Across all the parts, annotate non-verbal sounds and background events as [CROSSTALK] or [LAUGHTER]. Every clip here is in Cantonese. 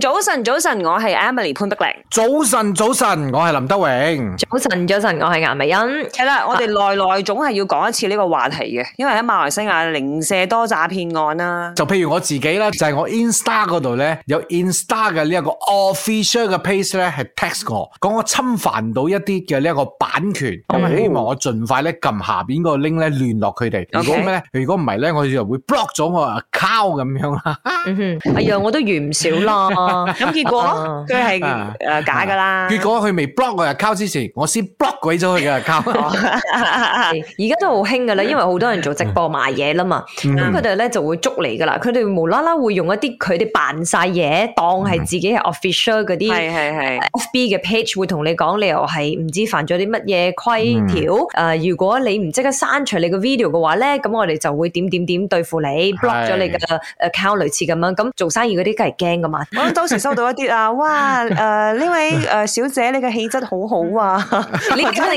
早晨，早晨，我係 Emily 潘德玲。早晨，早晨，我係林德榮。早晨，早晨，我係顏美欣。係啦，我哋來來總係要講一次呢個話題嘅，因為喺馬來西亞零舍多詐騙案啦、啊。就譬如我自己啦，就係、是、我 Instagram 嗰度咧，有 Instagram 嘅呢一個 official 嘅 page 咧，係 text 我，講我侵犯到一啲嘅呢一個版權，咁啊、嗯、希望我盡快咧撳下邊個 link 咧聯絡佢哋。如果咩咧？Okay 如果唔係咧，我就會 block 咗我 account 咁樣啦。嗯、哼 [LAUGHS] 哎呀，我都遇唔少啦。 [LAUGHS] 咁結果佢係誒假噶啦。結果佢未 block 我 account 之前，我先 block 鬼咗佢嘅 account。而家都好興噶啦，因為好多人做直播賣嘢啦嘛，咁佢哋咧就會捉你噶啦，佢哋無啦啦會用一啲佢哋扮晒嘢，當係自己係 official 嗰啲。係係係 FB 嘅 page 會同你講，你又係唔知犯咗啲乜嘢規條。誒，如果你唔即刻刪除你個 video 嘅話咧，咁我哋就會點點點對付你，block 咗你嘅 account 類似咁樣。咁做生意嗰啲梗係驚噶嘛。當時收到一啲啊，哇！誒、呃、呢位誒、呃、小姐，你嘅氣質好好啊！ [LAUGHS] 你真係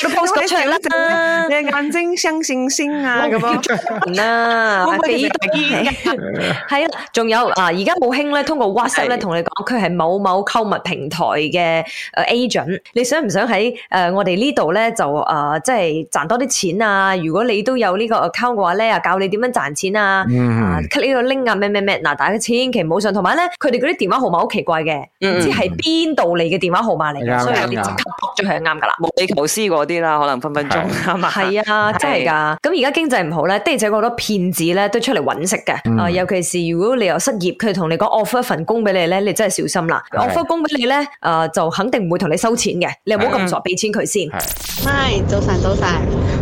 都 post 咗出嚟啦， [LAUGHS] 你， [LAUGHS] 你眼睛像星星啊，叫出嚟啦！係啦，仲有啊，而家冇興咧，通過 WhatsApp 咧同你講佢係某某購物平台嘅 agent，你想唔想喺誒我哋呢度咧就誒即係賺多啲錢啊？如果你都有呢個 account 嘅話咧，啊教你點樣賺錢啊！嗯、啊呢個 link 啊咩咩咩嗱，大家千祈唔好上，同埋咧佢哋。他們嗰啲電話號碼好奇怪嘅，唔知係邊度嚟嘅電話號碼嚟嘅，所以有啲即刻撲咗佢係啱㗎啦。無理求思嗰啲啦，可能分分鐘係啊，真係㗎。咁而家經濟唔好咧，的而且確好多騙子咧都出嚟揾食嘅。啊，尤其是如果你又失業，佢同你講 offer 一份工俾你咧，你真係小心啦。offer 工俾你咧，誒就肯定唔會同你收錢嘅，你唔好咁傻俾錢佢先。係，早晨，早晨。